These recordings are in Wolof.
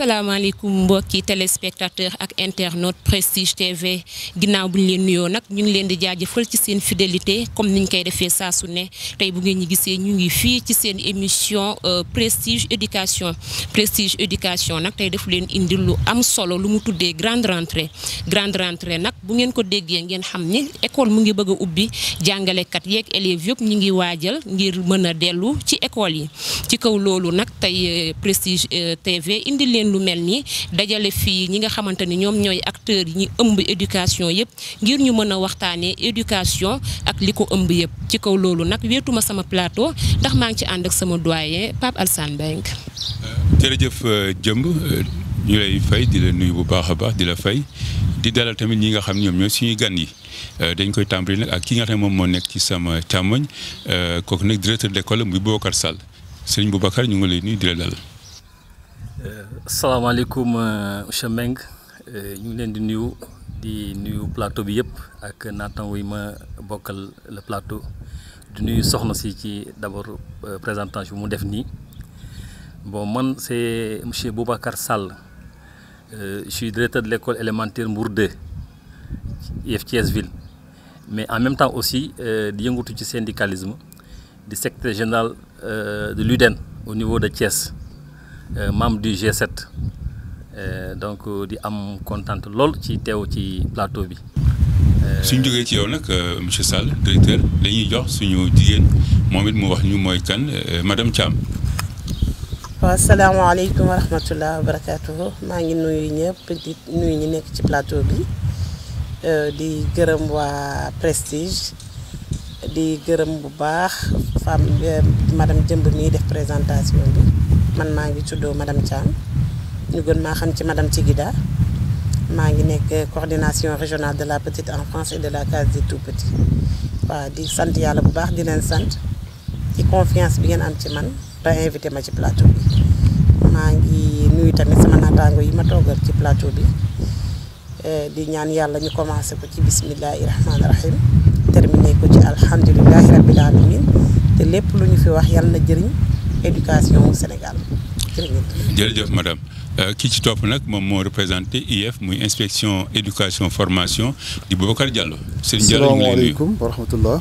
asalaamaaleykum mbokki téléspectateur ak internaute prestige tv ginnaaw bu ñu leen nuyoo nag ñu ngi leen di jaajëfal ci seen fidélité comme ni niñ koy defee saa su ne tey bu ngeen ñu gisee ñu ngi fii ci seen émission euh, prestige éducation prestige éducation nag tey daf leen indi lu am solo lu mu tuddee grande rentrée grande rentrée nag bu ngeen ko déggee ngeen xam ni école mu ngi bëgg a ubbi jàngalekat yeeg élèves yëpp ñu ngi waajal ngir mën a dellu ci école yi ci kaw loolu nag tey euh, prestige euh, tv indi leen lu mel dajale fi ñi nga xamante ni ñoom ñooy acteurs yi ñi ëmb éducation yëpp ngir ñu mën a waxtaanee éducation ak li ko ëmb yëpp ci kaw loolu nag weetuma sama plateau ndax maa ngi ci ànd ak sama doyen Pape Alsane Beng. jërëjëf euh, jëmb euh, ñu lay fay di la nuyu bu baax a baax di la fay di dalal tamit ñi nga xam ñoom ñooy suñuy gan yi euh, dañ koy tàmbali nag ak ki nga xam ne moom moo nekk ci sama càmmoñ kooku nag directeur d'école muy Boubacar Sall sëriñ Boubacar ñu ngi lay nuyu di la dalal. Salam alaikum, euh, Mbengue euh, ñu nous, leen di nuyu plateau bi Nathan ak qui wuy ma le plateau Nous sommes soxna ici d'abord euh, présentation Je mu def bon man c'est monsieur Boubacar Sall euh, je suis directeur de l'école élémentaire Mourde, IFTS ville mais en même temps aussi di yëngatu du syndicalisme du secteur général de l'UDEN au niveau de Thiès. Euh, membre du G7 euh, donc euh, di am kontaan lool ci teew ci plateau bi. suñ jógee ci yow nag monsieur Sall directeur dañuy jox suñu jigéen moom it mu wax ñu mooy kan madame Thiam. waa salaamaaleykum wa rahmatulah maa ngi nuyu ñëpp di nuyu ñi nekk ci plateau bi di gërëm waa Prestige di gërëm bu baax femme madame Jëmb mii def présentation bi. man maa ngi tuddoo madame Thiam ñu gën maa xam ci madame Tigida maa ngi nekk coordination régionale de la petite enfance et de la case des tout petits waaw di sant yàlla bu baax di leen sant ci confiance bi ngeen am ci man ba invité ma ci plateau bi maa ngi nuyu tamit sama naataango yi ma toogal ci plateau bi eh, di ñaan yàlla ñu commencé ko ci bismillahi rahmaani rahim terminé ko ci alhamdulilahi rabbil alamin te lépp lu ñu fi wax yàlla na jëriñ éducation au Sénégal jërëjëf madame euh, ki ci top nak moom moo représenté IF, muy inspection éducation formation di Boubacar Diallo. sëñ Diallo ngi lay nuyu wa rahmatullah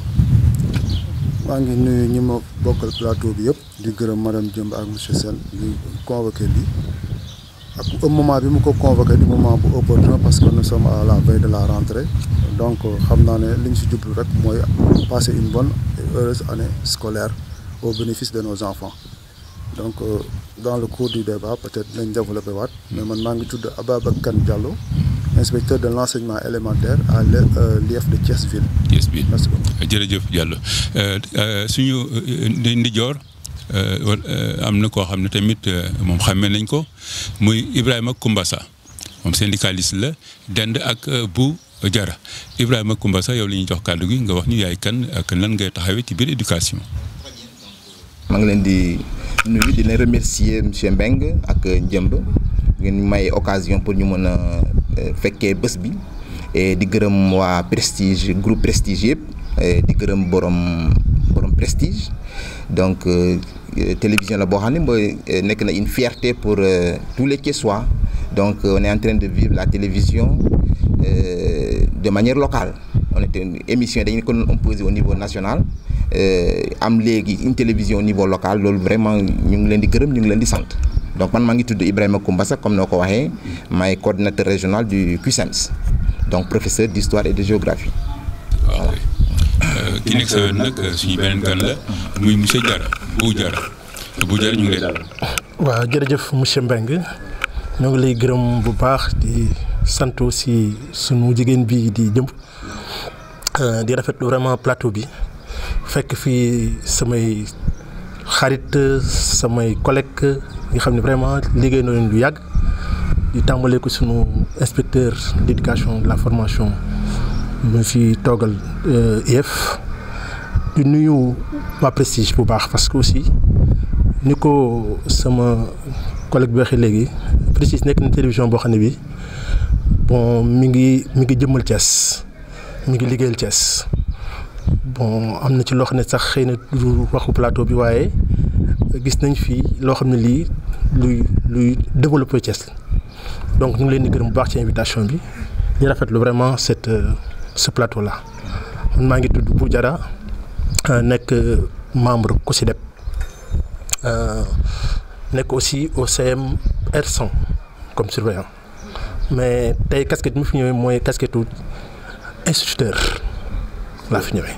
maa ngi nuyu ñi ma bokkal plateau bi yépp di gërëm madame Diomb ak monsieur Sène di convoqué bi ak un moment bi mu ko convoqué di moment bu opportun parce que nous sommes à la veille de la rentrée donc xam naa ne li ñu si jublu rek mooy passer une bonne heureuse année scolaire au bénéfice de nos enfants. donc euh, dans le cours du débat peut-être dinañ développé waat mais man maa ngi tudd kan jàllo inspecteur de l'enseignement élémentaire à euh, l'IEF de Thiès-Ville. Thiès-Ville merci beaucoup. jërëjëf Diallo euh, suñu ndijoor am na koo xam ne tamit moom xàmmee nañ ko muy Ibrahima Koumbassa moom seen di syndicaliste la dend ak bu Jara Ibrahima Koumbassa yow la ñuy jox kàddu gi nga wax ñu yaay kan ak nan ngay taxawee ci biir éducation. nuyu dina leen remercier monsieur Mbengue ak Njëmb ngeen may occasion pour ñu mën a euh, fekkee bës bi et di gërëm waa prestige groupe prestige yëpp e di gërëm borom borom prestige donc euh, euh, télévision la télévision, de euh, une fierté pour tous les soient. donc on est en train de vivre la télévision de manière locale on est une émission qui est composée au niveau national am une télévision au niveau local loolu vraiment ñu ngi leen di gërëm ñu donc man suis ngi Ibrahim Ibrahima comme l'avons dit je suis coordinateur régional du QSEMS donc professeur d'histoire et de géographie. Ah qui nekk sa nag la monsieur Bou Bou ñu lay lay bu baax di sant aussi sunu bi euh, vraiment plateau bi fekk fii samay xarit samay collègue nga xam vraiment liggéey na leen lu di ko sunu inspecteur de la formation ma Togal toogal IEF euh, di nuyu pas prestige bu baax parce que aussi ni sama collègue bi waxee légui prestige nek na télévision bo xamné bi bon mi ngi mi ngi jëmmal ties mi ngi liguel ties bon amna ci lo xamné sax xëy du waxu plateau bi wayé gis nañ fi lo xamné li luy luy développer ties donc ñu ngi leen di gërëm bu baax ci invitation bi ñu rafetlu vraiment cette. Euh, ce plateau là man maa ngi tudd Bou Diarra euh, nekk euh, membre COSYDEP euh, nekk aussi au CM R100 comme surveillant mais tey casquette bi mu fi ñëwee mooy casquette instituteur laa fi ñëwee.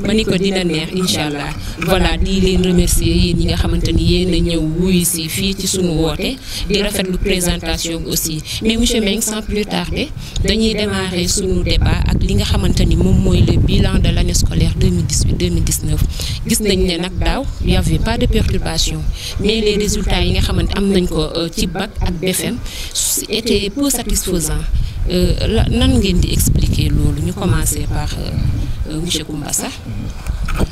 Maniko ko dina neex inshallah voilà di leen remercier yéen ñi nga xamanteni ni yéen a ci fi ci sunu woote di rafetlu présentation aussi mais monsieur Mbengue sans plus tarder dañuy démarrer sunu débat ak li nga xamanteni mom moy le bilan de l'année scolaire 2018 2019 gis nañ ne nak il y avait pas de perturbation mais les résultats yi nga xamanteni am nañ ko euh, ci bac ak BFM étaient peu satisfaisants euh, nan ngeen di expliquer loolu ñu commencer par. Euh, euh,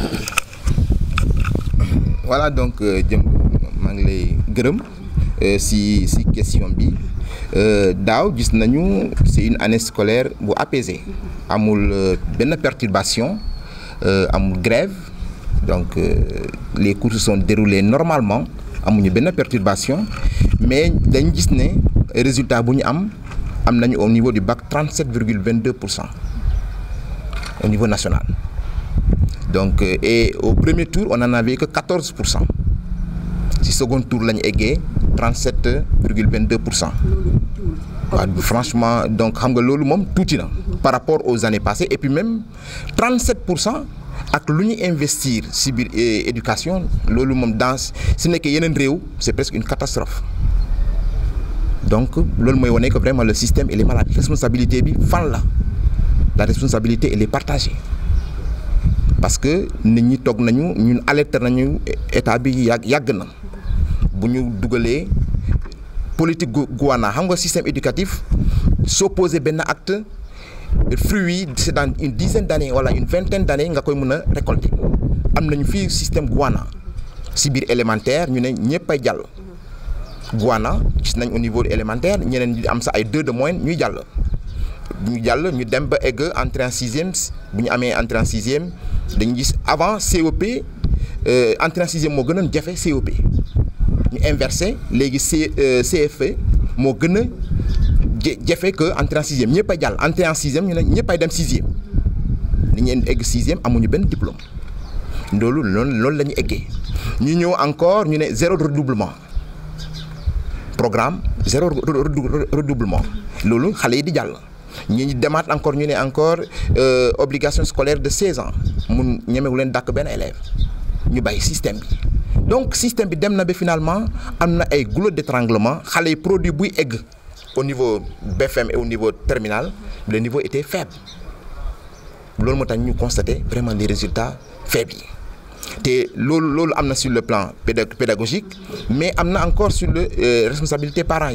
voilà donc euh, je euh, question c'est une année scolaire bu apaisée amul ben perturbation perturbations, grève donc les cours se sont déroulés normalement amuñu ben perturbation mais dañ gis résultat am au niveau du bac 37,22% au niveau national. Donc, euh, et au premier tour, on n'en avait que 14%. Si second tour, l'année 37,22%. franchement, donc, tout par rapport aux années passées. Et puis même, 37% à lu investir eh, éducation dans c'est presque une catastrophe donc l'Union est que vraiment le système il est malade responsabilité est là la responsabilité elle est partagée parce que nit ñi tok nañu ñun alerté nañu état bi yag na buñu politique guana xam nga système éducatif s'opposer à acte fruit c'est dans une dizaine d'années voilà une vingtaine d'années nga koy mëna récolter am nañu fi système guana si élémentaire ñu ne ñëpp pas guana ci gis nañ au niveau élémentaire ñeneen di am sa ay deux de moins, ñuy jall nous avons entré en 6e, nous avons entré en 6e. Avant COP, euh, entré en 6e, nous avons fait COP. Nous avons inversé, les euh, CFE, nous avons fait que entré en 6e. Nous pas dit entré en 6e, nous n'avons pas dit 6e. Nous avons fait 6e, nous avons un diplôme. Nous avons fait Nous avons encore nous zéro redoublement. Programme, zéro redoublement. Nous avons fait nous avons encore ñu obligations encore euh, obligation scolaire de 16 ans mun avons leen dàkk benn élève ñu bay système bi donc système bi dem na be finalement amna ay goulot d'étranglement xalé produit egg au niveau BFM et au niveau terminal le niveau était faible Nous avons ñu constater vraiment des résultats faibles té te loolu sur le plan pédagogique mais nous encore sur le euh, responsabilité parents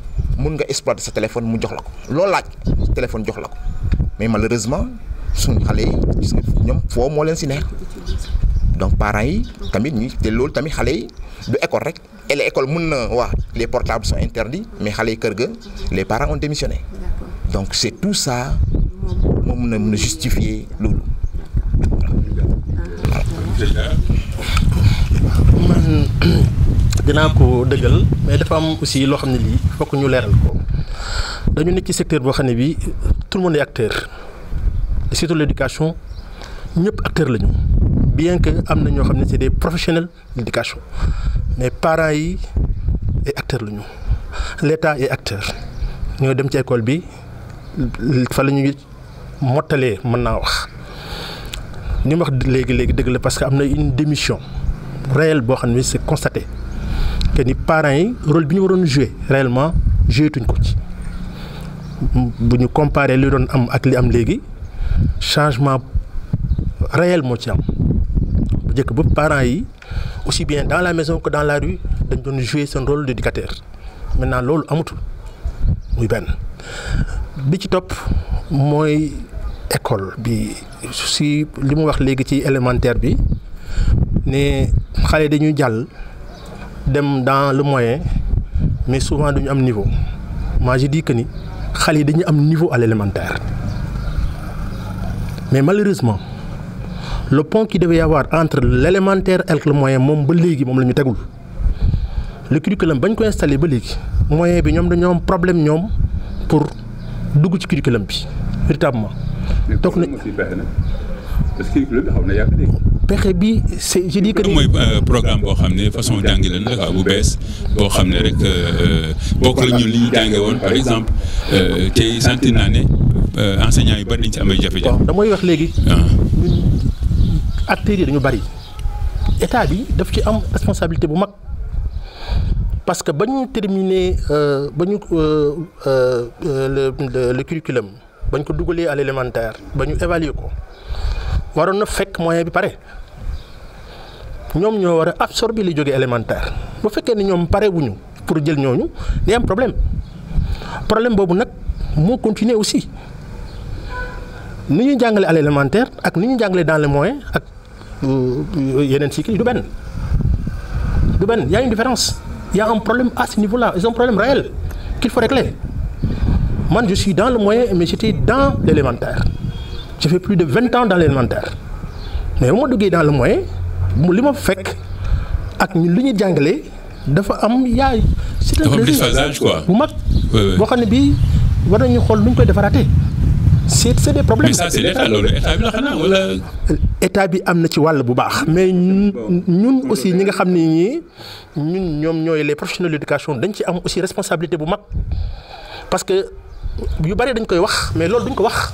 mun nga exploiter sa téléphone mu jox la ko loo laaj téléphone jox la ko mais malheureusement suñu xale yi gis nga ñoom foo moo leen si neex donc parents yi tamit ñi te loolu tamit xale yi du école rek et école mun na wax les portables sont interdits mais xale yi kër ga les parents ont démissionné donc c'est tout ça moo mun a mun a justifier loolu. Ah, man dinaa ko dëggal mais dafa am aussi loo xam ne lii fokk ñu leeral ko dañu nekk ci secteur boo xam ne bii tout le monde est acteur et surtout l' éducation ñëpp acteur lañu bien que am na ñoo xam ne c' est des professionnels de l' éducation mais parents yi ay acteurs lañu l' état est acteur ñoo dem ci école bi fa la ñuy mottalee mën naa wax ni mu wax léegi léegi dëgg la parce que am na une démission réelle boo xam ne c'est constaté que ni parents yi rôle bi ñu waroon jouer réellement jouer tuñ ko ci bu ñu comparer li doon am ak li am léegi changement réel moo ci am bu njëkk parents yi aussi bien dans la maison que dans la rue dañ doon jouer son rôle d'éducateur maintenant loolu amatul muy ben. bi ci top, mooy école bi si li mu wax léegi ci élémentaire bi ne xale dañuy jàll dans le moyen mais souvent de am niveau moi je dis que ni xale yi niveau à l'élémentaire mais malheureusement le pont qui devait y avoir entre l'élémentaire et le moyen mon ba mon le la ñu le curriculum bañ ko installé ba moyen bi y un am problème pour le ci curriculum bi véritablement. que curriculum pexe bi c'est je dis que. mooy euh, programme bo xamné façon jàngale la quoi bu bess bo xamné ne rek euh, euh, bokk la ñu li jangé won par exemple te sentir naa ne enseignants yu bari dañ ci am jafé jafe-jafe. damay wax légui ah. ñun acteurs dañu bari état bi daf ci am responsabilité bu mag parce que ba ñu terminer ba ñu le le curriculum bañ ko dugalee à l'élémentaire ba évaluer ko waroon na fek moyen bi paré nous ñoo absorbé les absorber li joggé élémentaire bu un ni ñom paré wuñu pour jël ñoñu ni am problème problème bobu nak, mo continue aussi nous ñu jàngalé à l'élémentaire ak ni ñu dans le moyen ak euh, yeneen cycle du ben du il y a une différence il y a un problème à ce niveau-là c'est un problème réel qu'il faut régler moi je suis dans le moyen mais j'étais dans l'élémentaire j'ai fait plus de 20 ans dans l'élémentaire mais où je suis dans le moyen li ma fekk ak ñun li ñu jàngalee dafa am yaay. si la déphasage quoi bu mag. boo xam ne bii war nañu xool lu ñu koy defaraatee. c'est c'est des problèmes. mais ça c'est l'état loolu état bi la xanaa wala. état bi am na ci wàll bu baax. mais ñun aussi ñi nga xam ne ñii ñun ñoom ñooy les professionnels de l'éducation dañ ci am aussi responsabilité bu mag parce que yu bari dañ koy wax mais loolu duñ ko wax.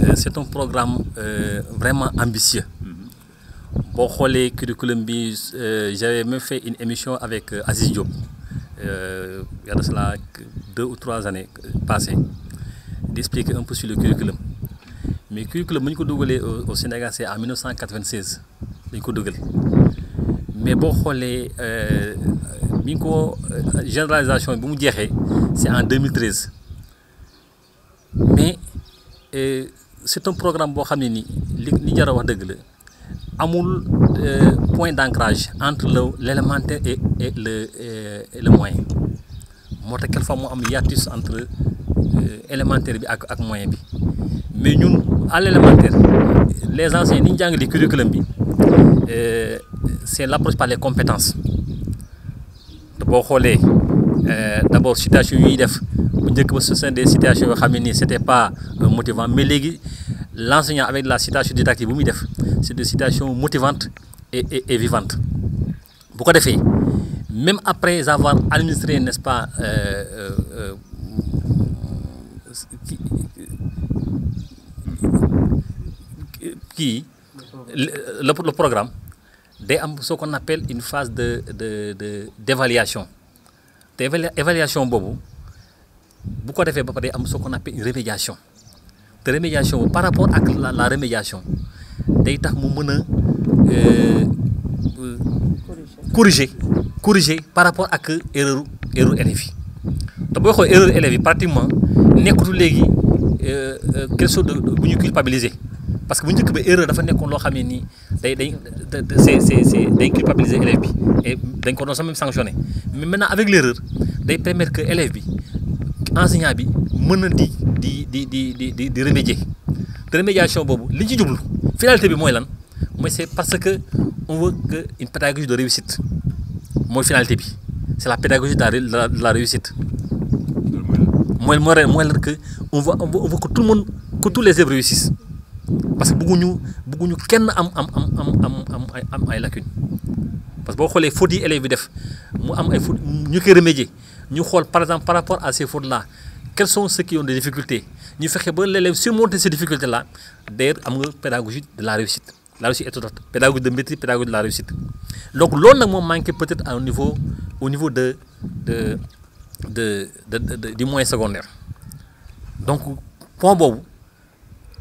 Euh, c'est un programme euh, vraiment ambitieux. Bonjour les curriculum euh, j'avais même fait une émission avec Aziz Diop il y a deux ou trois années passées d'expliquer un peu sur le curriculum mais curriculum au Sénégal c'est en 1996 mais bonjour les, bi généralisation c'est en 2013 mais c'est un programme qui xamni ni li wax euh, point d'ancrage entre l'élémentaire et et le euh, et le moyen moo il y a am hiatus entre euh, élémentaire et ak moyen mais nous, à l'élémentaire les enseignants ni jang di curriculum bi c'est l'approche par les compétences euh, d'abord citation yi def bu ce sont des citations yo c'était pas euh, motivant mais l'enseignant avec la citation didactique bu c'est des citations motivantes et vivantes bu ko faits même après avoir administré n'est-ce pas euh, le programme ce qu'on appelle une phase de d'évaluation te évaluation boobu bu ko defee ba pare am soo une remédiation te remédiation par rapport à la la remédiation day tax mu mën euh, euh, corriger corriger par rapport à erreur erreur élève. yi te booy erreur élèves yi pratiquement nekkutu léegi euh, quelque chose de bu ñu culpabiliser parce que bu njëkk ba erreur dafa nekkoon lo xamé ni day day c'est c'est c'est culpabiliser élève bi et dañ ko doon même sanctionner mais maintenant avec l'erreur day permettre que élève bi enseignant bi mën di di di di di di remédier te remédiation boobu li ci djublu finalité bi moy lan moy c'est parce que on veut que une pédagogie de réussite moy finalité bi c'est la pédagogie de la de la réussite moy mooy mooy que on veut on veut que tout le monde que tous les élèves réussissent parce que beaucoup nous kenn am am am am am am parce que boo xoolee fautes yi élèves bi def mu am ay ñu remédier par exemple par rapport à ces fautes là quels sont ceux qui ont des difficultés ñu que ba l'élève surmonter ces difficultés là d'ailleurs am nga pédagogie de la réussite la réussite est étudiante pédagogie de maîtrise pédagogie de la réussite donc lool nak moo peut-être niveau au niveau de de de du moyen secondaire donc point bon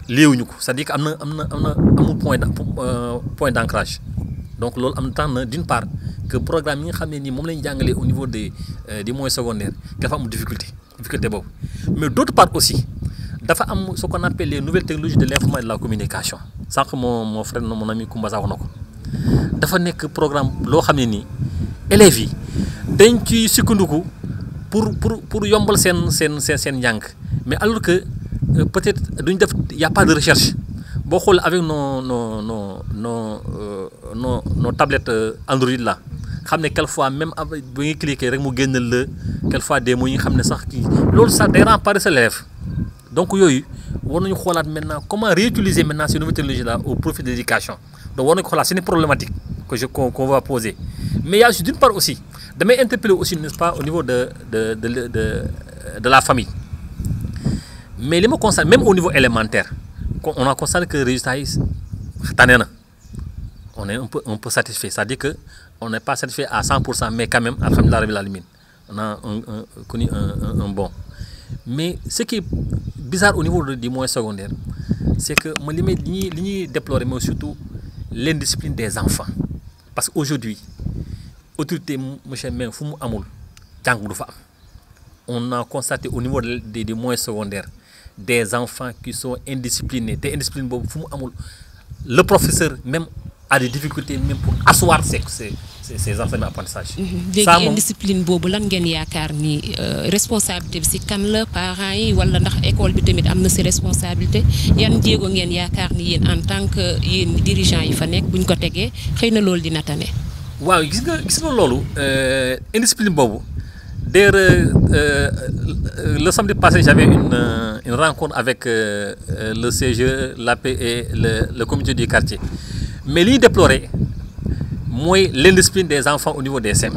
c'est-à-dire qu'il y a point d'ancrage donc d'une part que programme yi est au niveau euh, des moyens secondaires dafa am difficulté difficulté mais d'autre part aussi y a ce qu'on appelle les nouvelles technologies de l'information et de la communication C'est mon mon frère mon ami Koumba programme qui est élevé. pour pour pour mais alors que euh, peut-être duñ def y a pas de recherche bo xool avec nos nos nos nos euh, nos nos tablettes euh, Android là xam ne quelquefois même avec bu ngay cliquer rek mu le la quelquefois des mots yi xamné sax ki loolu ça dérange pas les élèves donc yooyu war nañu xoolaat maintenant comment réutiliser maintenant ces nouvelles technologies là au profit de l'éducation donc war nañu xoolaat c'est une problématique que je qu'on va poser mais il y a d'une part aussi damay interpeller aussi n'est-ce pas au niveau de de de de de la famille mais même au niveau élémentaire on a constaté que résultat on est un peu satisfait c'est-à-dire qu'on n'est pas satisfait à 100% mais quand même de on a connu un, bon mais ce qui est bizarre au niveau des moyens secondaires, c'est que ce li mais surtout l'indiscipline des enfants parce qu'aujourd'hui, autorité Meng on a constaté au niveau des moyens secondaires des enfants qui sont indisciplinés des indiscipline amul le professeur même a des difficultés même pour asseoir ses ses ses enseignements apprentissage. Mhm. ça moom léegi indiscipline boobu lan ngeen yaakaar ni euh, responsabilité bi si kan la parents yi wala ndax école bi tamit am na si responsabilité yan jéego ngeen ni en tant que dirigeant yi fa nekk bu ñu ko tegee xëy na loolu dina tane. waaw gis nga gis loolu euh, indiscipline D'ailleurs, le samedi passé, j'avais une, euh, rencontre avec euh, euh, le CGE, l'AP et le, comité du quartier. Mais lui déplorait, moi, l'indiscipline des enfants au niveau des SEM.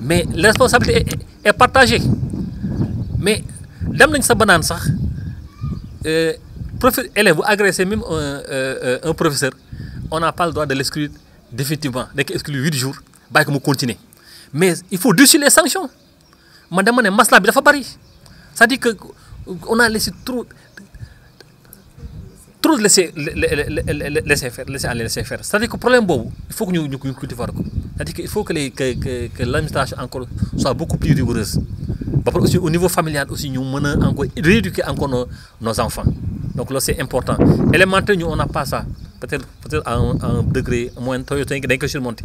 Mais la responsabilité est, partagée. Mais, dans le banane, euh, élève, vous agressez même un, professeur, on n'a pas le droit de l'exclure définitivement. Dès qu'il exclu 8 jours, il que vous mais il faut dessus les sanctions Madame, Mané, ne masla bi dafa bari c'est-à-dire que on a laissé trop trop laisser laisser faire laisser aller laisser faire c'est-à-dire que problème beau. il faut que nous nous cultivions. Ça c'est-à-dire qu'il faut que les que que que encore soit beaucoup plus rigoureuse au niveau familial aussi nous menons encore rééduquer encore nos enfants donc là, c'est important Et élémentaire nous on n'a pas ça peut-être peut-être à un à un degré que dañ surmonter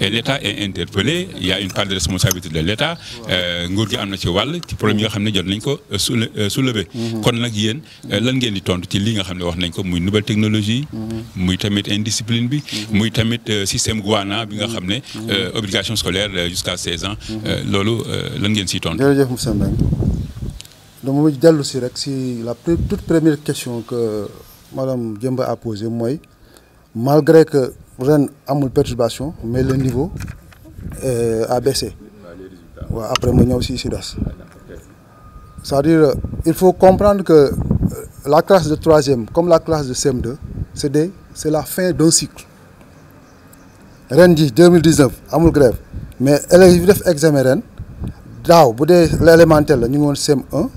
et l'État est interpellé il y a une part de responsabilité de l'État euh, Nous gi am na ci wàll ci problème yi nga Quand jot nañ ko euh, euh, soulever mhm. kon nag yéen lan ngeen di tontu ci li nga xam wax nañ ko nouvelle technologie mhm. muy tamit indiscipline bi mhm. système guana bi nga obligation scolaire jusqu'à 16 ans loolu lan ngeen siy tontu jërëjëf monsieur Mbengue je rek la toute première question que madame Diemba a posée malgré que a amul perturbation mais le niveau euh, a baissé après aussi c'est-à-dire il faut comprendre que euh, la classe de troisième comme la classe de CM2 c'est c'est la fin d'un cycle Rennes 2019 amul grève mais élèves examen ren l'élémentaire CM1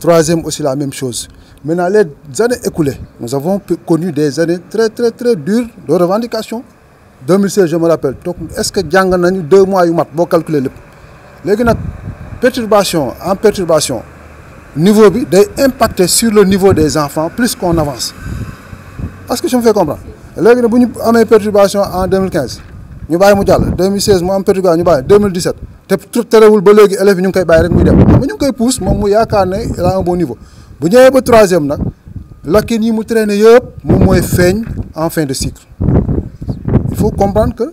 troisième aussi la même chose maintenant les années écoulées nous avons connu des années très très très dures de revendications 2016 je me rappelle donc est ce que a eu deux mois yu mat calculer lépp perturbation en perturbation niveau bi des sur le niveau des enfants plus qu'on avance est-ce que je me fais comprendre léegi perturbation en 2015 2016 mu perturbation 2017 tout terewul ba léegi élèves yi ñu ngi koy rek muy mais ñu koy pousse moom mu a un bon niveau bu ñëwee ba troisième nag lakin yi mu traîner yëpp moom mooy feeñ en fin de cycle il faut comprendre que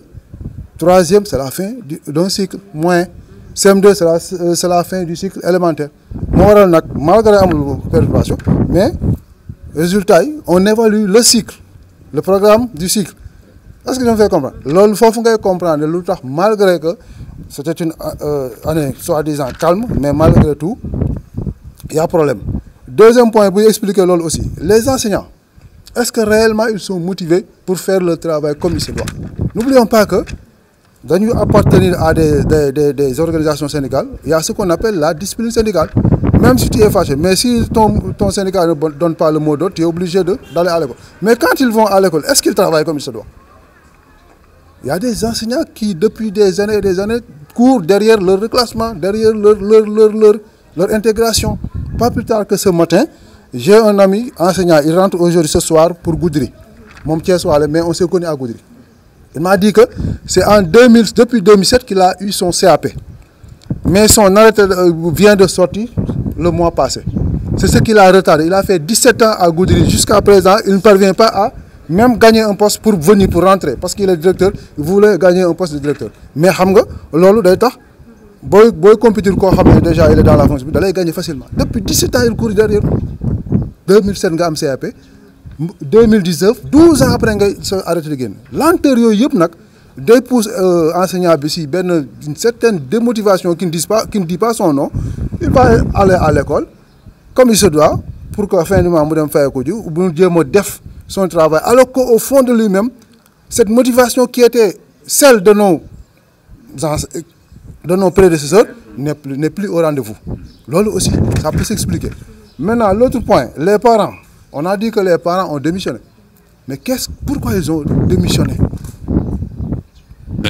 troisième c'est la fin d'un cycle moins CM2 c'est la c'est la fin du cycle élémentaire moo waral nag malgré amul perturbation mais résultat on évalue le cycle le programme du cycle est-ce que je me fais comprendre Il faut ngay comprendre lu malgré que c'était une euh, euh, année soi-disant calme, mais malgré tout, il y a problème. Deuxième point, vais expliquer l'autre aussi, les enseignants, est-ce que réellement ils sont motivés pour faire le travail comme il se doit N'oublions pas que nous appartenir à des, organisations syndicales, il y a ce qu'on appelle la discipline syndicale. Même si tu es fâché, mais si ton, ton syndicat ne donne pas le mot d'ordre, tu es obligé d'aller à l'école. Mais quand ils vont à l'école, est-ce qu'ils travaillent comme il se doit il y a des enseignants qui, depuis des années et des années, courent derrière leur reclassement, derrière leur, intégration. Pas plus tard que ce matin, j'ai un ami enseignant, il rentre aujourd'hui ce soir pour Goudry. Mon petit soir, mais on se connaît à Goudry. Il m'a dit que c'est en 2000, depuis 2007 qu'il a eu son CAP. Mais son arrêt euh, vient de sortir le mois passé. C'est ce qu'il a retardé. Il a fait 17 ans à Goudry. Jusqu'à présent, il ne parvient pas à même gagner un poste pour venir pour rentrer parce qu'il est directeur il voulait gagner un poste de directeur mais xam nga c'est day tax boy boy compétir koo déjà il est dans la fonction il allait gagner facilement depuis 17 ans il court derrière 2007 nga am CAP 2019 12 ans après il s'est arrêté gagner. gagner. lenteur yooyu yëpp a day pousse euh, enseignant une certaine démotivation qui ne dit pas qui ne dit pas son nom il va aller à l'école comme il se doit pour que fin du mois mu dem fay ko de bu ñu mot son travail. Alors qu'au fond de lui-même, cette motivation qui était celle de nos, de nos prédécesseurs n'est plus, au rendez-vous. Lolo aussi, ça peut s'expliquer. Maintenant, l'autre point, les parents. On a dit que les parents ont démissionné. Mais pourquoi ils ont démissionné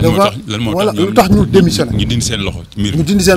voilà lu démissionné Ils ont démissionné.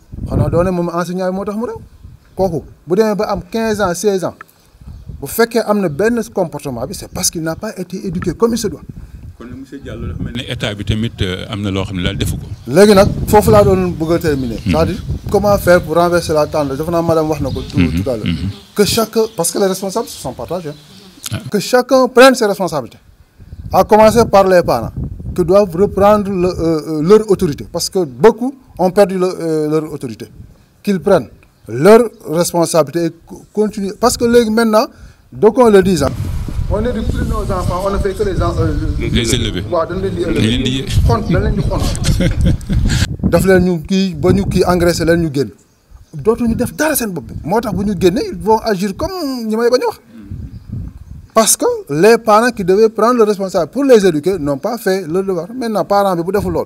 a donné mon enseignant bi moo tax mu daw kooku bu démé ba am 15 ans 16 ans bu qu'il amna ben comportement bi c'est parce qu'il n'a pas été éduqué comme il se doit. kon M. monsieur Diallo dafa mel ne état bi tamit euh, amna lo loo dal ne légui nak fofu la terminer. Hmm. c'est-à-dire comment faire pour renverser la tendance dafa naa madame wax na ko. tout hmm, hmm, tout à l'heure que chaque, parce que les responsables se sont partagés. Hein. Ah. que chacun prenne ses responsabilités. à commencer par les parents qui doivent reprendre euh, euh, leur autorité parce que beaucoup ont perdu euh, leur autorité. Qu'ils prennent leur responsabilité et continuent. Parce que les, maintenant, donc on le dise, hein, on éduque plus nos enfants, on ne fait que les, enfants. Euh, les élever. les daf leen ñu kii ba ñu les engraissé leen ñu génn dootuñu def dara seen bopp bi moo ils vont agir comme ñi may parce que les parents qui devaient prendre le responsable pour les éduquer n'ont pas fait leur devoir maintenant parents, bi bu deful lool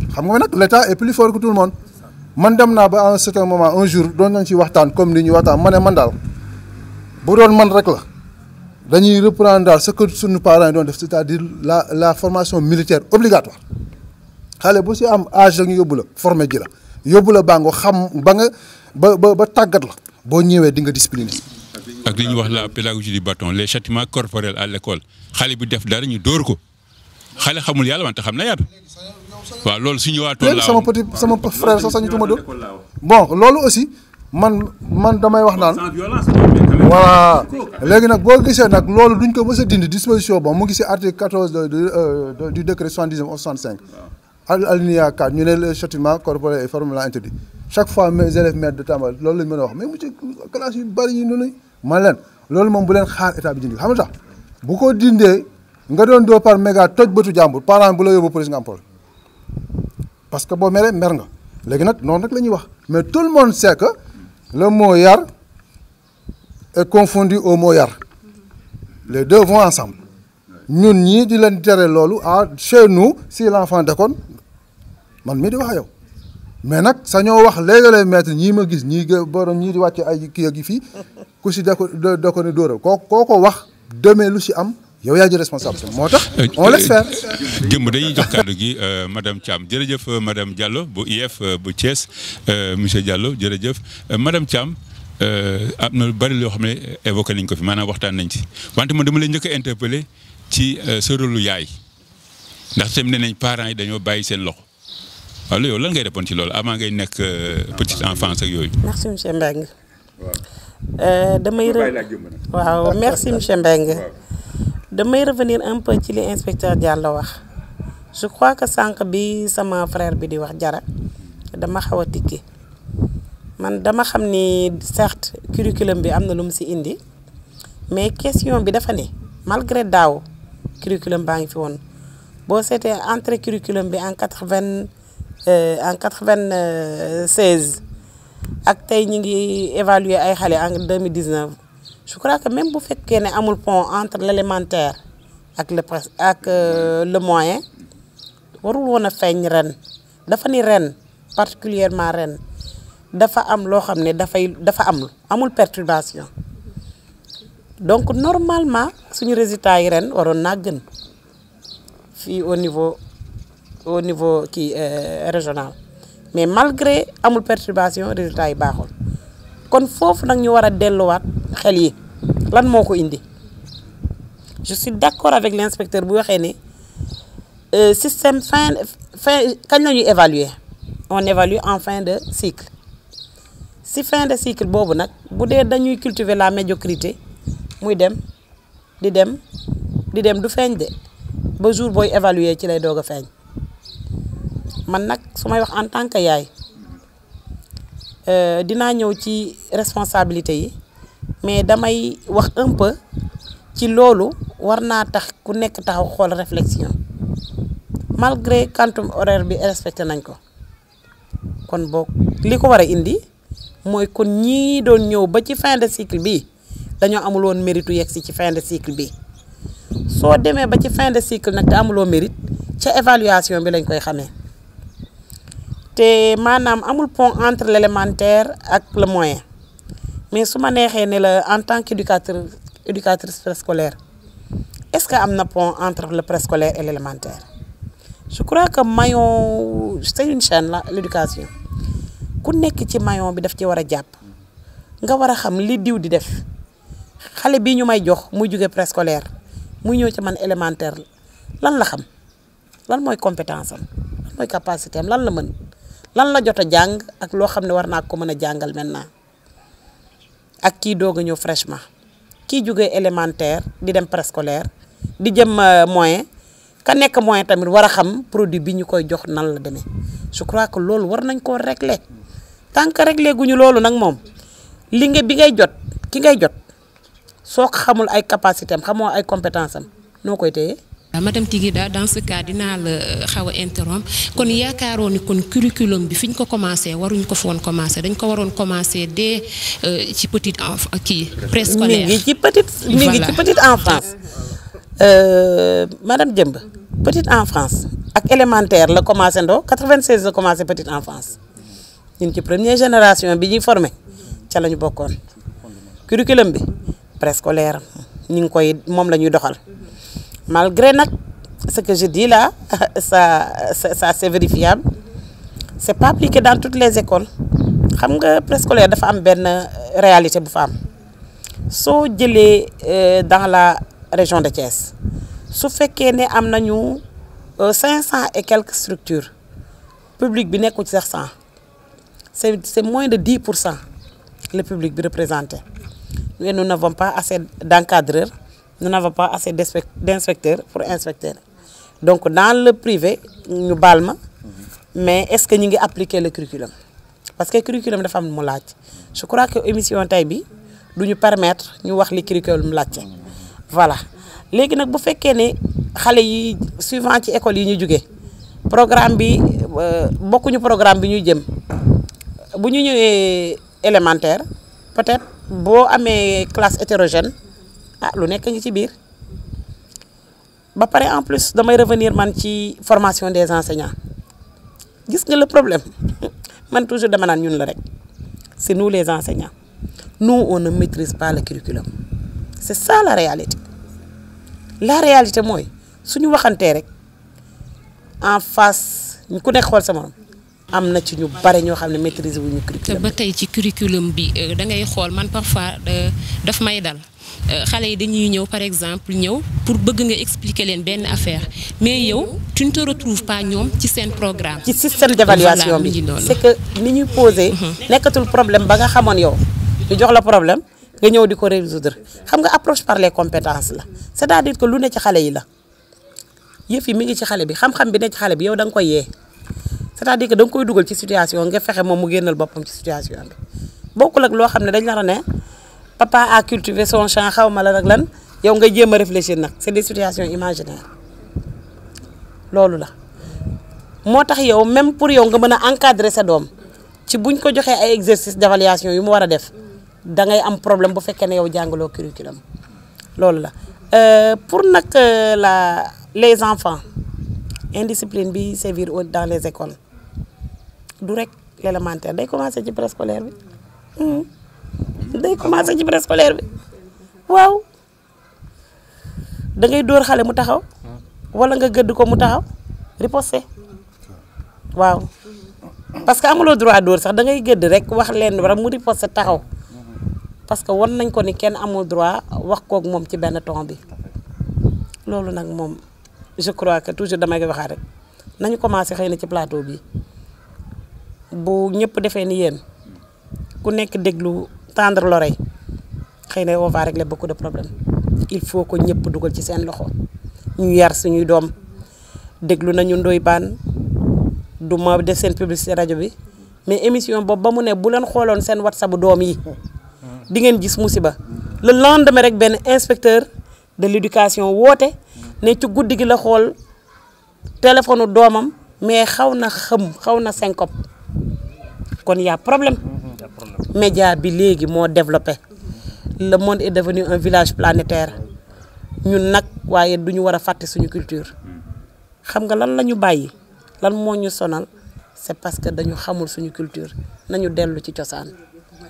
xam nga nag l' état est plus fort que tout le monde man dem naa ba à un certain moment un jour doon nañ ci waxtaan comme li ñuy waxtaan ma ne man daal bu doon man rek la dañuy reprendre daal ce que suñu parents yi doon def c' est à dire la la formation militaire obligatoire xale bu si am âge la ñu yóbbu la formé ji la yóbbu la bàngo xam ba nga ba ba ba tàggat la boo ñëwee di nga discipliné. ak li ñuy wax la pédagogie du bâton les châtiments corporels à l' école xale bi def dara ñu dóor ko xale xamul yàlla wante xam na yàlla waaw loolu su ñëwaatoon laaw sama petit sama frère sax sax ñu tuuma bon loolu aussi man man damay wax naan voilà léegi nag boo gisee nag loolu duñ ko mës a dindi disposition bon mu ngi si article 14 euh, de du décret 79 ou 65 alinéa 4 ñu ne le châtiment corporel est formellement interdit chaque fois mes élèves maîtres de Tamba loolu la ñu mën wax mais mu ci classe yu bari yi noonu man leen loolu moom bu leen xaar état bi dindi xam nga tax bu ko dindee nga doon doo par méga toj bëtu jàmbur parent bu la yóbbu police nga am parce que boo meree mer nga léegi nag noonu rek la wax mais tout le monde sait que le mot yar est confondu au mot yar les deux vont ensemble ñun ñii di leen tere à ah chez nous si l'enfant déconne man mii di wax yow mais nak sañoo wax léegi maître ñi ma gis ñi borom ñi di wacc ay ki ak fi ku si d'accord, deko ne dóoral koo koo ko wax demee lu ci am yow yaa jël responsabilité moo tax euh, on laisse euh, faire. jëmb dañuy jox kàddu gi euh, madame Thiam jërëjëf madame jàllo bu IEF bu Thiès monsieur Diallo jërëjëf madame Thiam am na lu bari loo xam ne évoqué nañ ko fi maanaam waxtaan nañ ci wante man dama lay njëkk a interpellé ci sa lu yaay ndax tamit ne nañ parent yi dañoo bàyyi seen loxo wala yow lan ngay répondre ci loolu avant ngay nekk petite enfance ak yooyu. merci monsieur Mbengue. damay. waaw merci monsieur Mbengue. vais revenir un peu sur l'inspecteur. inspecteur Diallo je crois que c'est bi sama frère bi di wax jara dama xaw je curriculum bi question est, malgré tout, curriculum curriculum en 80. Euh, en 1996. vingt en 2019 je crois que même bu y a un pont entre l'élémentaire et le avec euh, le moyen warul ne a pas ren une ni particulièrement ren dafa am loo xam ne perturbation donc normalement si résultat yi ren waroon naa gën au niveau au niveau euh, régional mais malgré la perturbation résultat est bas kon fofu nak ñu wara a delluwaat xel yi lan moko indi je suis d'accord avec l'inspecteur bu né euh système fin fin kañ la évaluer on évalue en fin de cycle si fin de cycle bobu nak bu dañuy cultiver la médiocrité muy dem di dem di dem du feeñ de ba jour boy évaluer ci lay doga a man nak sumay wax en tant que yaye Euh, dinaa ñëw ci responsabilité yi mais damay wax un ci loolu war naa tax ku nekk taxaw xool réflexion malgré quantum horaire bi respecté nañ ko kon boog li ko war a indi mooy kon ñii doon ñëw ba ci fin de cycle bi dañoo amul woon mérite u yegg si ci fin de cycle bi soo demee ba ci fin de cycle nag te amuloo mérite ca évaluation bi lañ koy xamee te maanaam amul pont entre l'élémentaire et le moyen mais su ma neexee en tant qu'éducatrice éducatrice préscolaire est ce qu'il y a un pont entre le préscolaire et l'élémentaire je crois que maillon c'est une chaîne la l'éducation. éducation ku nekk ci maillon bi daf ci war a jàpp nga war a xam li diw di def xale bi ñu may jox muy jóge préscolaire muy ñëw ci man élémentaire lan la xam lan compétence am lan capacité am lan la lan la jang, a ak loo xam ne war naa ko mën jangal jàngal maintenant ak ki doog a ñëw fraîchement kii élémentaire di dem préscolaire di jëm euh, moyen ka nekk moyen tamit war a xam produit bi ñu koy jox nan la demee je crois que loolu war nañ regle, régler tant que régler guñu loolu nag mom li nga bi ngay jot ki ngay jot sok xamul ay capacité am xamoo ay compétence am koy madame Tigida, dans ce cardinal je euh, vais interrompre kon yaakaaroo ni kon curriculum bi fi ko commencer waruñ ko commencé dañ ko commencé dès euh, ci petite enf kii préscolaire mi ngi ci petite mi ci enfance euh, madame Jëmb petite enfance ak élémentaire le commencé en 96 le commencé petite enfance ñun ci première génération bi ñuy formé ca la ñu curriculum bi préscolaire ñu ngi koy moom malgré ce que je dis là ça ça, c'est vérifiable c'est pas appliqué dans toutes les écoles xam nga préscolaire femmes am une euh, réalité bu fa Si on est dans la région de Thiès si que né am euh, et quelques structures public bi c'est moins de 10% le public représenté nous n'avons pas assez d'encadreurs nous n'avons pas assez d'inspecteurs pour inspecter. Donc dans le privé, nous balma, mais est-ce que nous appliquons le curriculum Parce que le curriculum de femmes Je crois que l'émission Taïbi nous, nous permettre de voir le curriculum Voilà. Ce si bu fekkee ne xale yi suivant ci école yi ñu programme beaucoup de programme bi ñuy jëm bu ñu élémentaire peut-être bo amé classe hétérogène ah lu nekk ngi ci biir ba en plus damay revenir man ci formation des enseignants gis nga le problème man toujours dama naan ñun la rek c'est nous les enseignants nous on ne maîtrise pas le curriculum c'est ça la réalité la réalité mooy suñu waxantee rek en face ku nekk xool sa morom am nous ci ñu bare ñoo xam ne maîtriser wuñu curriculum ba tey ci curriculum bi euh, da ngay xool man parfois euh, daf may dal xalé yi dañuy ñëw par exemple ñëw pour bëgg nga expliquer leen benn affaire mais yow tu ne te retrouves pas ñoom ci seen programme. ci système d'évaluation bi c'est que ni ñuy poser mhm. nekkatul problème ba nga xamone yow ñu jox la problème nga ñëw di ko résoudre xam nga approche par les compétences la c'est-à-dire que lu ne ci xalé yi la yëf yi mi ngi ci xalé bi xam-xam bi ne ci xalé bi yow da nga koy yee c'est-à-dire que da nga koy dugal ci situation nga fexe moom mu génnal boppam ci situation bi bokkul ak loo xam ne dañ la ne papa a cultivé son champ xaw ma la nag lan yow nga jéem réfléchir nag c'est des situations imaginaires loolu la moo tax yow même pour yow nga mën encadrer sa dom. ci buñ ko joxee ay exercices d'évaluation yu mu a def da ngay am problème bu fekkee ne yow jàngaloo curriculum loolu la euh, pour nag euh, la les enfants indiscipline bi sévir dans les écoles du rek l'élémentaire Dès commencer ci préscolaire bi. Mmh. day commencé ci préscolaire bi waaw dangay dóor xale mu taxaw wala nga gëdd ko mu taxaw riposté waaw parce que amuloo droit dóor sax da ngay gëdd rek wax leen war mu riposté taxaw parce que won nañ ko ni kenn amul droit wax kook moom ci benn ton bi loolu nag moom je crois que toujours damay waxaat rek nañu commencé xëy na ci plateau bi bu ñëpp defee ni yéen ku nekk déglu. tendre l'oreille Xeyna on va régler beaucoup de problèmes il faut que ñëpp dugal ci seen loxo ñu yar suñuy dom déglu nañu ndoy ban du ma def seen publicité radio bi mais émission boobu ba mu ne bu len xolone seen whatsapp dom yi di ngeen gis musiba le lendemain rek ben inspecteur de l'éducation woote ne ci guddi gi la xol téléphone domam mais xawna xam xawna xaw syncope il y a un problème. Les médias qui ont développé. Le monde est devenu un village planétaire. Nous sommes tous les fêtes de notre culture. Nous savons ce que nous avons C'est parce que nous savons notre culture. Nous sommes tous les fêtes de notre culture.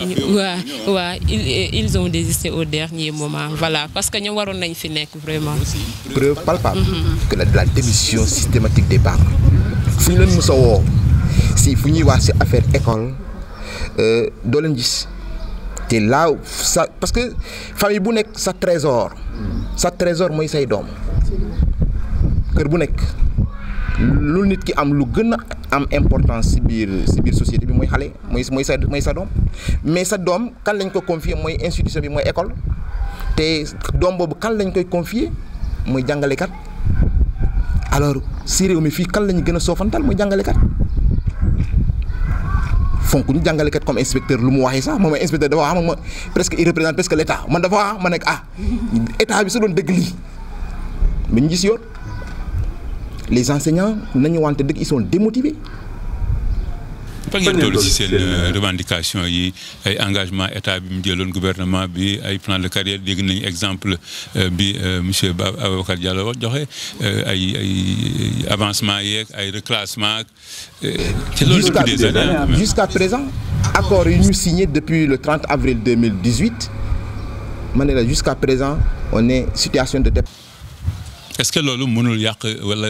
Oui, ils ont désisté au dernier moment voilà parce que nous avons fait fi vraiment. preuve palpable. que la démission systématique des parents. nous si vous avons wax affaire, affaire école euh, doo parce que famille Bounek, sa trésor sa trésor moi say doom homme bu lu nit ki am lu gën a am importance si biir si biir société bi mooy xale mooy mooy sa mooy sa doom mais sa doom kan lañ ko confier mooy institution bi mooy école te doom boobu kan lañ koy confier mooy jàngalekat alors si mi fii kan la ñu gën a soofantal mooy jàngalekat fonk ñu jàngalekat comme inspecteur lu mu waxee sax moom inspecteur dafa wax ma presque il représente presque l' état man dafa wax ma nekk ah état bi su doon dëgg lii ba ñu gis yoon. les enseignants ils sont démotivés. Il y a revendication yi engagement état bi le gouvernement bi ay plan de carrière dég exemple euh, bi euh, monsieur Ba Diallo euh, ay avancement reclassement ci hein? jusqu'à présent accord réuni signé depuis le 30 avril 2018 jusqu'à présent on est situation de tête est-ce que loolu mënul yak wala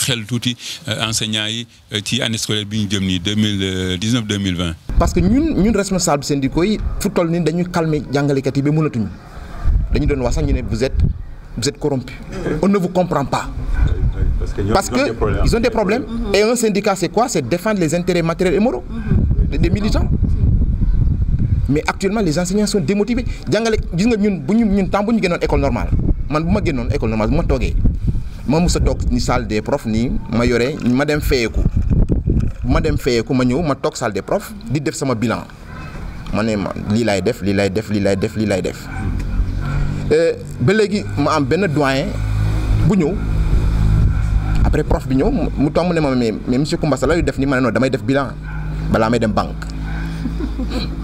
xel euh, enseignants qui euh, ci année scolaire biñu 2020 jëm euh, parce que nous, ñun responsable syndicaux yi fu toll calmer les yi ba mënatuñu dañu doon wax sax ñu vous êtes vous êtes corrompu on ne vous comprend pas. parce que, ils ont des problèmes. et un syndicat c'est quoi c'est défendre les intérêts matériels et moraux des militants. mais actuellement les enseignants sont démotivés Ils gis nga ñun bu qu'ils ñun temps ñu école normale. man bu ma génnoon école normale ma toogee ma mus a toog ni salle des nii ma yore ma dem fayeeku ma dem fayeeku ma ñëw ma toog salle des di def sama bilan ma ne ma lii laay def lii lay def lii laay def lii lay def euh, ba léegi ma am benn doyen bu ñëw après prof bi ñëw mu tomb ne ma mais mais monsieur Koumba Sala yu def nii ma ne non damay def bilan balaa may dem banque.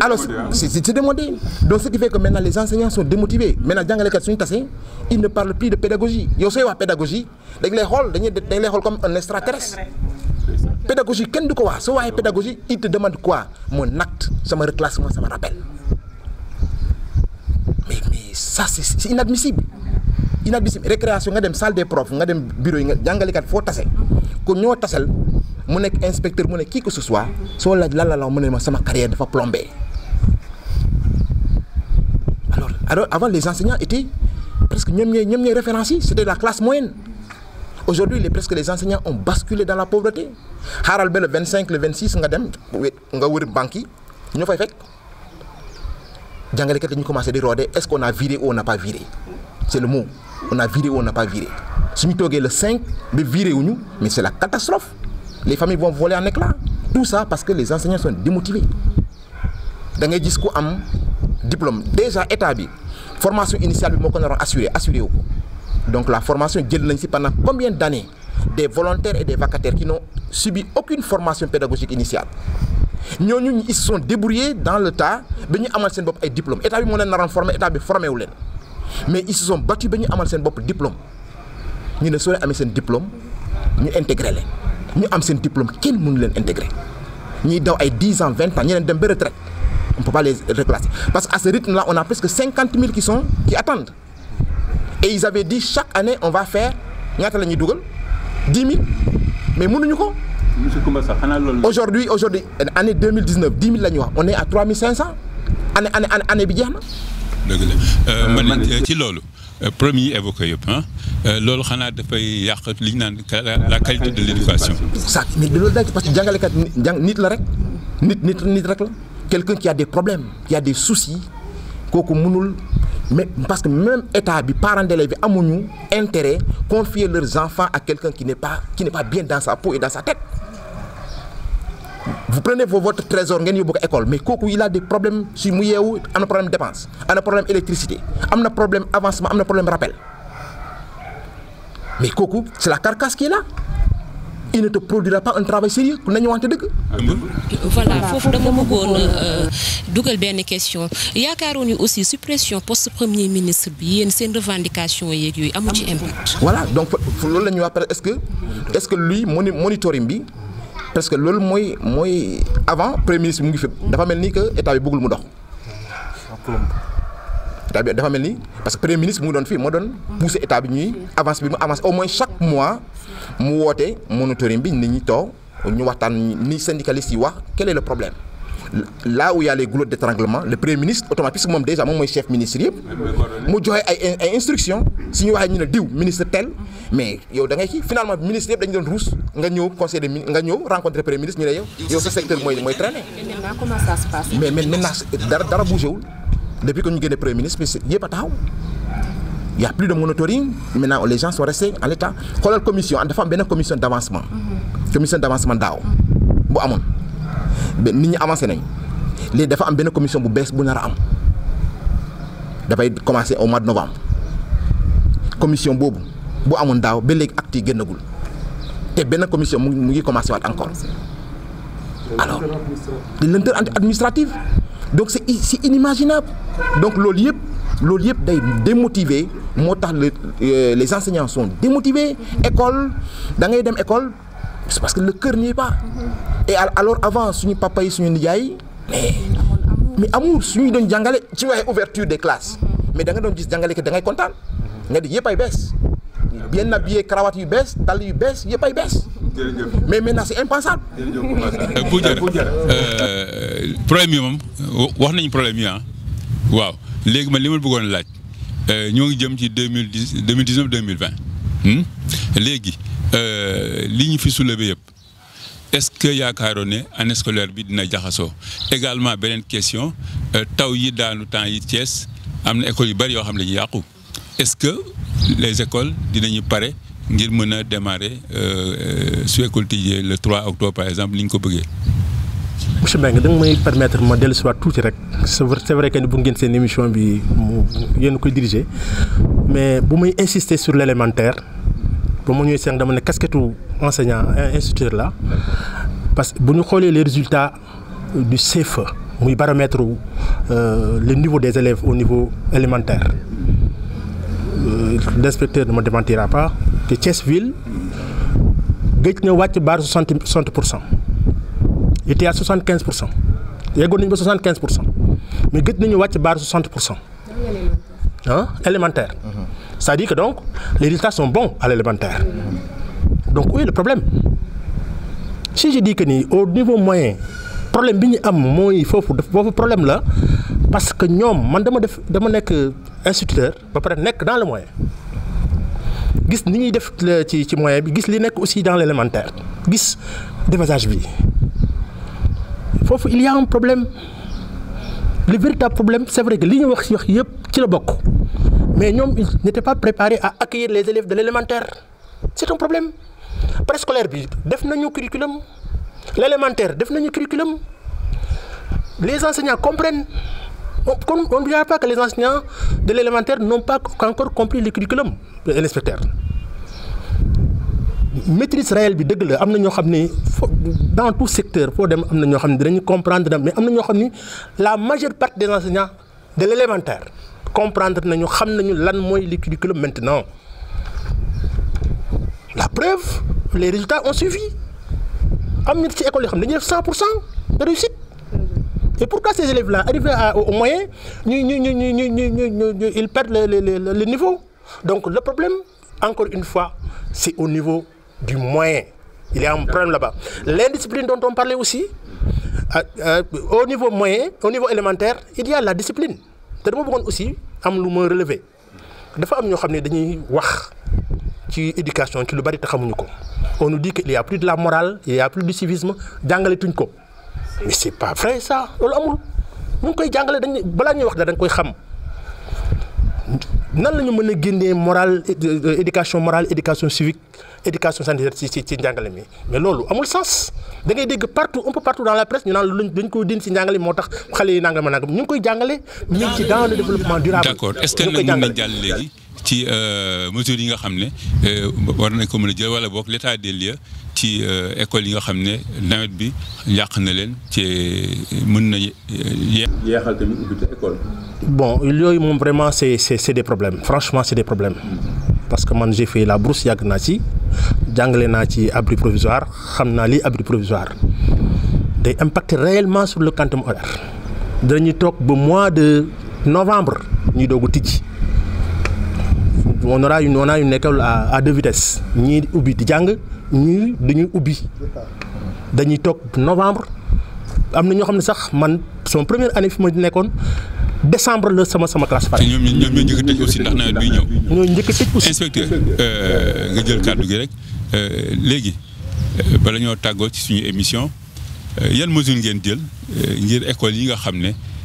alors c'est démodé donc ce qui fait que maintenant les enseignants sont démotivés maintenant les suñu tasee ils ne parlent plus de pédagogie Ils sooy wax pédagogie dañ lay lay comme un extraterrestre pédagogie qu'est-ce que wax soo pédagogie il te demande quoi mon acte ça sama reclassement ça me rappelle mais ça c'est inadmissible il a inadmissible récréation nga dem salle des profs nga dem bureau nga jangali kat fo tassé ko ño tassal mu nek inspecteur mu ne qui que ce soit so la la la mu ma sama carrière dafa plomber alors alors avant les enseignants étaient presque les ñooy c'était la classe moyenne aujourd'hui les presque les enseignants ont basculé dans la pauvreté Harald Bell, le 25 le 26 nga dem nga wër banki ñu fay fek jàngalekat kat ñu commencé di rodé est-ce qu'on a viré ou on n'a pas viré c'est le mot on a viré ou on n'a pas viré a viré le 5 a viré nous. mais c'est la catastrophe les familles vont voler en éclat tout ça parce que les enseignants sont démotivés Dans les gis un diplôme déjà établi, formation initiale bi moo donc la formation pendant combien d'années des volontaires et des vacataires qui n'ont subi aucune formation pédagogique initiale ils se sont débrouillés dans le tas ba ñu amal diplôme état bi formé état bi formé mais ils se sont battus pour avoir leur diplôme. Ils ne sont pas un diplôme, nous les Ils Nous avons leur diplôme, quel monde intégré intégrer Nous avons 10 ans, 20 ans, nous avons des retraite. On ne peut pas les reclasser. Parce qu'à ce rythme-là, on a presque 50 000 qui, attendent. Et ils avaient dit chaque année, on va faire 10 000. Mais nous, pas Aujourd'hui, aujourd'hui, année 2019, 10 000 on est à 3500. 500. année, année, dëgg la euh, euh, man euh, ci lolu premier évoqué hein? lolu xana da fay yàq li nane la qualité de l'éducation. ça mais de lolu parce que jangale kat nit la rek nit nit nit rek la quelqu'un qui a des problèmes qui a des soucis kooku mënul mais parce que même état bi parents d'élèves bi amuñu intérêt confier leurs enfants à quelqu'un qui n'est pas qui n'est pas bien dans sa peau et dans sa tête vous prenez votre trésor vous gagnez votre école mais Coco il a des problèmes sur mu un des problème dépense un un problème électricité un problème avancement un problème rappel mais Coco, c'est la carcasse qui est là il ne te produira pas un travail sérieux nañu wante dëgg. voilà Je dama bëggoon questions, euh, il question a ni aussi suppression ce premier ministre bi c'est une revendication il y a impact. voilà donc est-ce que est-ce que lui monitoring parce que loolu moy moy avant premier ministre mu ngi dafa melni que état bi bëggul mu dox. état dafa melni parce que premier ministre mu don fi mo moo pousser état bi ñuy avance bi mu avance au moins chaque mois mu woote monitoring bi nit ñi to ñu waxtaan ni syndicaliste yi wax quel est le problème là où il y a les goulots d'étranglement le premier ministre automatiquement déjà, déjà je suis chef ministre il mu joxe instruction si ñu avez ñu ministre tel mais finalement le finalement ministre yëpp dañu doon conseiller, nga ñëw conseil de nga ñëw rencontrer premier ministre ñu ne yow yow sa secteur mooy mooy traîner mais mais maintenant bougé depuis que nous avons le premier ministre il a il n'y a plus de monitoring maintenant les gens sont restés en l'état xoolal commission a am commission d'avancement mm-hmm. commission d'avancement daaw bu nit ñi avancé nañ léegi dafa am bénn commission bu bees bu nar a am dafay commencer au mois de novembre commission boobu bu amoon daaw ba léegi acte yi génnagul te benn commission mu ngi commencé waat encore alors lenteur administrative donc c'est c'est inimaginable donc loolu yëpp loolu yëpp day démotiver moo tax euh, les enseignants sont démotivés école da ngay dem école c'est parce que le cœur n'y est pas. Mhm. et alors avant suñu papa yi suñu nijaay mais mais amul suñu doon jàngale ci vois ouverture des classes mhm. mais da nga doon que da ngay kontaan nga di yëpp pas baisse bien habillé cravate yu bees dàll yu bees pas ay baisse mais maintenant c'est impensable. Pour euh, euh, problème yi problème yi les ah. waaw léegi man li ma bëggoon laaj euh, ñoo ngi jëm ci euh, Ligne ñu fi soulevé yëpp est-ce que yaakaaroon ne année scolaire bi dina jaxaso également benen question euh, taw yi daanu temps yi Thiès amna école yu bari yo xam ne ñu est-ce que les écoles dinañu paré ngir mëna démarrer euh, su école tijjee le 3 octobre par exemple ni ko bëggé monsieur Beng, da may permettre ma dellu si waat rek c'est vrai que ni bu ngeen seen émission bi mu yéen koy diriger mais bu may insister sur l'élémentaire ba ma ñëwee seen dama ne casquette enseignant instituteur là parce que si ñu les résultats du CFE qui baromètre euh, le niveau des élèves au niveau élémentaire euh, l'inspecteur ne me démentira pas que Thiès ville y a barre de 60% était à 75%. Il y a 75%. mais il y a barre 60% hein élémentaire. Mmh. Ça dit que donc, les résultats sont bons à l'élémentaire. Donc, où est le problème Si je dis que au niveau moyen, problème bi que am problème là, parce que nous, je suis def instituteur ba suis dans le moyen gis ni def ci ci moyen bi aussi dans l'élémentaire gis déphasage bi vie. il y a un problème le véritable problème c'est vrai que les gens wax wax mais ils n'étaient pas préparés à accueillir les élèves de l'élémentaire c'est un problème préscolaire bi def le curriculum l'élémentaire def le curriculum les enseignants comprennent on ne dira pas que les enseignants de l'élémentaire n'ont pas encore compris le curriculum l'inspecteur maîtrise réelle bi dans tout secteur pour dem comprendre mais la majeure partie des enseignants de l'élémentaire comprendre nañu xam lan mooy le curriculum maintenant la preuve les résultats ont suivi en ci école 100 de réussite et pourquoi ces élèves là arrivent au moyen ils perdent le le le niveau donc le problème encore une fois c'est au niveau du moyen il y a un problème là-bas l'indiscipline dont on parlait aussi euh, euh, au niveau moyen au niveau élémentaire il y a la discipline te dama aussi am lu ma relever dafa am ñoo xamné dañuy wax ci éducation ci lu bari te xamuñu ko on nous dit qu'il y a plus de la morale il y a plus du civisme jàngale tuñ ko mais c'est pas vrai ça loolu amul mu ngi koy jàngale dañ balaa ñuy wax da dañ koy xam nan avons mëna morale éducation morale éducation civique éducation sanitaire ci ci mais sens da ngay dégg partout un peu partout dans la presse ñu nan dañ ko dinn ci motax xalé yi nangam dans le développement durable. d'accord est-ce que euh, yi nga euh, l'état des lieux ci euh, école yi nga xamné ne nawet bi yàq na leen ci euh, mën na euh, yeexal tamit ubbite école. bon yoy mom vraiment c'est c'est c'est des problèmes franchement c'est des problèmes parce que man j'ai fait la brousse yàgg na ci jangalé na ci abri provisoire xamna li abri provisoire day impacter réellement sur le quantum horaire dañuy tok bu mois de novembre ñuy dogu a on aura une on a une école à à deux vitesses ñi ubbi di jàng. ñii dañuy ubbi dañuy toog novembre am na ñoo xam ne sax man son première année fi ma nekkoon décembre la sama sama classe pare. ñoom ñoom ñoo njëkk a tëj aussi ndax nawet biy ñëw. ñoo njëkk a tëj aussi. inspecteur euh, nga jël kàddu gi rek euh, léegi euh, bala ñoo tàggoo ci suñu émission yan mesures ngeen jël ngir école yi nga xam ne.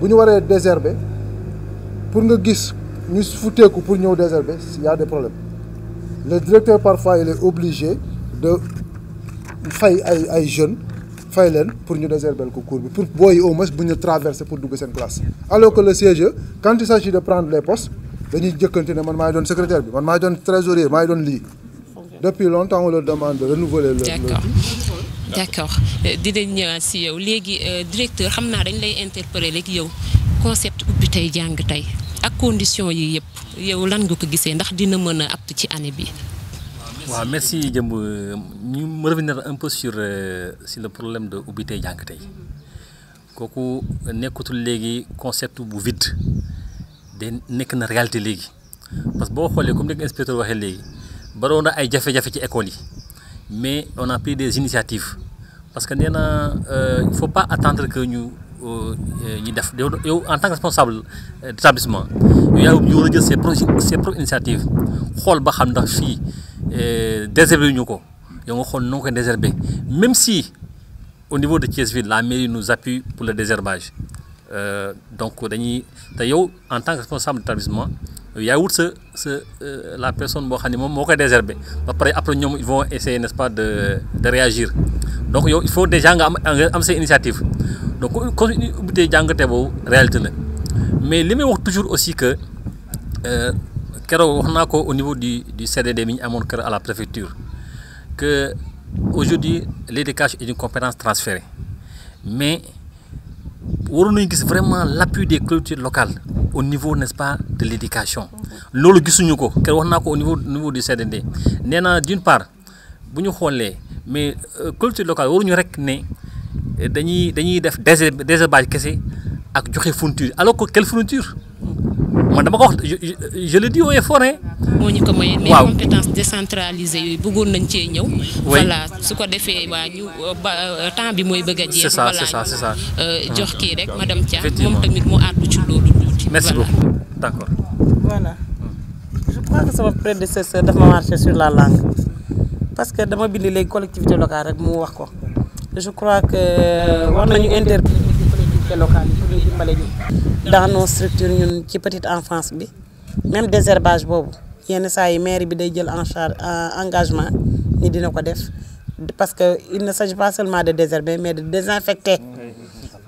Si ñu désherber pour nga nous ñu futteeku pour désherber y a des problèmes le directeur parfois il est obligé de faire des jeunes pour ñu désherber ko cours pour boy au moins pour nous traverser pour dugg cette classe alors que le siège, quand il s'agit de prendre les postes il dit continuellement man maay secrétaire bi man maay trésorier maay doon depuis longtemps on leur demande de renouveler le D'accord. accord euh, dinañ ñëwaat yow légui euh, directeur xamna dañ lay interpréter rek yow concept ubbi tey jàng tey ak condition yi yëpp yow lan nga ko gisee ndax dina mëna apt ci année bi. Wa merci jëm ñu revenir un peu sur euh, sur le problème de ubbi tey jàng tey kooku nekkatul léegi concept bu vide de nekk na réalité légui. parce bo xolé comme ni ko inspecteur waxee léegi baroon na ay jafé jafé ci école yi mais on a pris des initiatives parce qu'il euh, ne faut pas attendre que nous euh, euh, en tant que responsable d'établissement yow yaa a projets ses propres initiatives Il ba xam ndax fii désherber même si au niveau de Thiès la mairie nous appuie pour le désherbage donc en tant que responsable d'établissement le yaourt, c'est euh, la personne qui a des herbes, après ils vont essayer n'est-ce pas de de réagir donc il faut déjà avoir am initiatives, initiatives initiative donc à de jàngatee bo réalité mais je wax toujours aussi que euh, wax au niveau du du CDD mi amone à la préfecture que aujourd'hui l'éducation est une compétence transférée mais nous vraiment l'appui des cultures locales au niveau n'est-ce pas de l'éducation C'est ce ko nous avons au niveau du CDD d'une part nous xolé mais culture locale nous rek né dañuy dañuy def des kese ak alors que quelle man dama ko wax je le dis haut et fort hein. moo ñu ko may mais compétence décentralisée yooyu bëggoon nañ cee ñëw voilà su ko defee waa ñu euh, temps bi mooy bëgg a jeex voilà c'est ça c'est ça euh, jox kii rek mm. madame tia mom tamit mo addu ci lolu tuuti merci beaucoup d'accord voilà je crois que ça sama prédécesseur dafa ma marché sur la langue parce que dama bind les collectivités locales rek mu wax ko je crois que euh, war nañu interpeller dans nos structures ñun ci petite enfance même désherbage il yenn a maire bi day jël euh, engagement parce qu'il il ne s'agit pas seulement de désherber mais de désinfecter.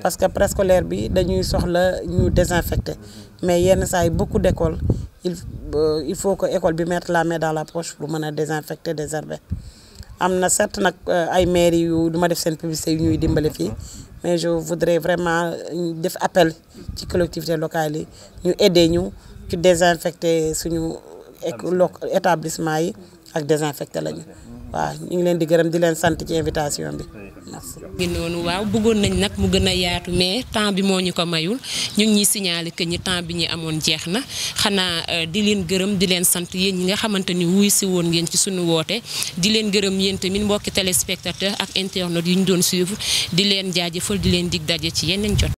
parce que presque bi dañuy soxla désinfecter mais il y a beaucoup d'écoles il euh, faut que l'école mette la main dans la poche pour désinfecter désherber am euh, maires yu ont def publicité mais je voudrais vraiment euh, faire appel ci collectivités locales à aider à désinfecter suñu établissement et ak désinfecter waaw ñu ngi leen di gërëm di leen sant ci invitation bi. merci. noonu waaw bëggoon nañ nag mu gën a yaatu mais temps bi moo ñu ko mayul ñu ñuy signaale que ñi temps bi ñu amoon jeex na xanaa euh, di leen gërëm di leen sant yéen ñi nga xamante ni wuy si woon ngeen ci suñu woote di leen gërëm yéen tamit mbokki téléspectateur ak internautes yu ñu doon suivre di leen jaajëfal di leen dig daje ci yeneen jot.